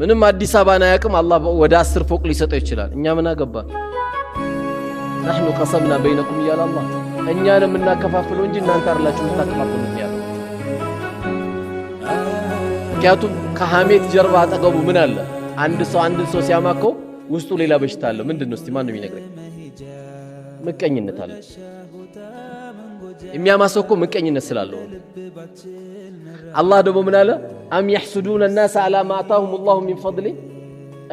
ምንም አዲስ አበባን አያውቅም። አላህ ወደ አስር ፎቅ ሊሰጠው ይችላል። እኛ ምን አገባን? ናሕኑ ቀሰምና በይነኩም እያለ አላህ እኛን የምናከፋፍለው እንጂ እናንተ አርላችሁ የምታከፋፍሉ ያለ። ምክንያቱም ከሐሜት ጀርባ አጠገቡ ምን አለ? አንድ ሰው አንድን ሰው ሲያማከው ውስጡ ሌላ በሽታ አለ። ምንድን ነው? እስቲ ነው የሚነግረኝ? ምቀኝነት አለ። የሚያማሰው እኮ ምቀኝነት ስላለው አላህ ደግሞ ምን አለ? አም የሕሱዱነ ናስ አላ ማ አታሁም ላሁ ሚን ፈድሊ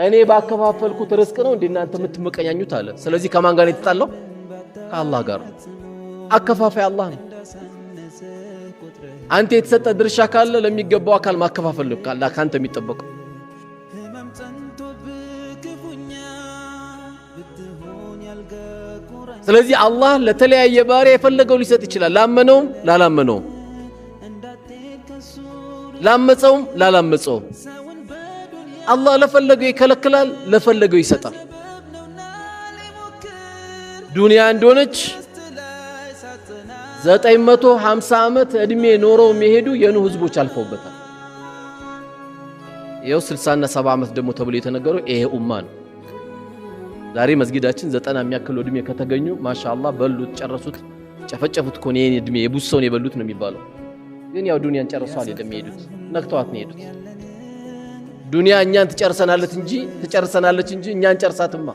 እኔ ባከፋፈልኩት ርዝቅ ነው እንደ እናንተ የምትመቀኛኙት አለ። ስለዚህ ከማን ጋር የተጣለው? ከአላህ ጋር አከፋፋይ አላህ ነው። አንተ የተሰጠ ድርሻ ካለ ለሚገባው አካል ማከፋፈል ካንተ የሚጠበቀው ስለዚህ አላህ ለተለያየ ባሪያ የፈለገው ሊሰጥ ይችላል። ላመነውም ላላመነውም፣ ላመፀውም ላላመፀውም፣ አላህ ለፈለገው ይከለክላል፣ ለፈለገው ይሰጣል። ዱንያ እንደሆነች 950 ዓመት እድሜ ኖረው የሚሄዱ የኑህ ህዝቦች አልፈውበታል። ይኸው 60 እና 70 ዓመት ደግሞ ተብሎ የተነገረው ይሄ ኡማ ነው። ዛሬ መስጊዳችን ዘጠና የሚያክል እድሜ ከተገኙ ማሻላ በሉት፣ ጨረሱት፣ ጨፈጨፉት እኮ የኔን እድሜ የብዙ ሰውን የበሉት ነው የሚባለው። ግን ያው ዱኒያን ጨርሰው አይደለም ሄዱት ነክተዋት ነው ሄዱት ዱኒያ እኛን ትጨርሰናለች እንጂ ትጨርሰናለች እንጂ እኛን ጨርሳትማ